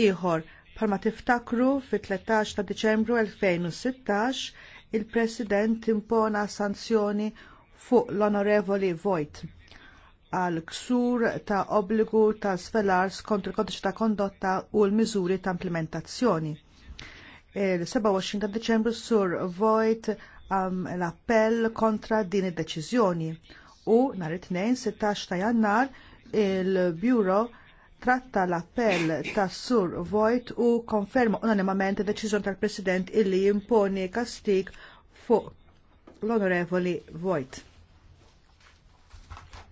ieħor bħalma tiftakru fit-13 ta' Diċembru 2016 il-President impona sanzjoni fuq l-Onorevoli Vojt għal ksur ta' obbligu ta' sfelar skont il-kodiċ ta' kondotta u l-miżuri ta' implementazzjoni. Il-27 ta' Deċembru sur Vojt um, l-appell kontra din id-deċiżjoni u nhar it-tnejn 16 ta' Jannar il-Bureau tratta l-appell tas Sur Vojt u konferma unanimament id deċiżjoni tal-President illi jimponi kastik fuq l-Onorevoli Vojt.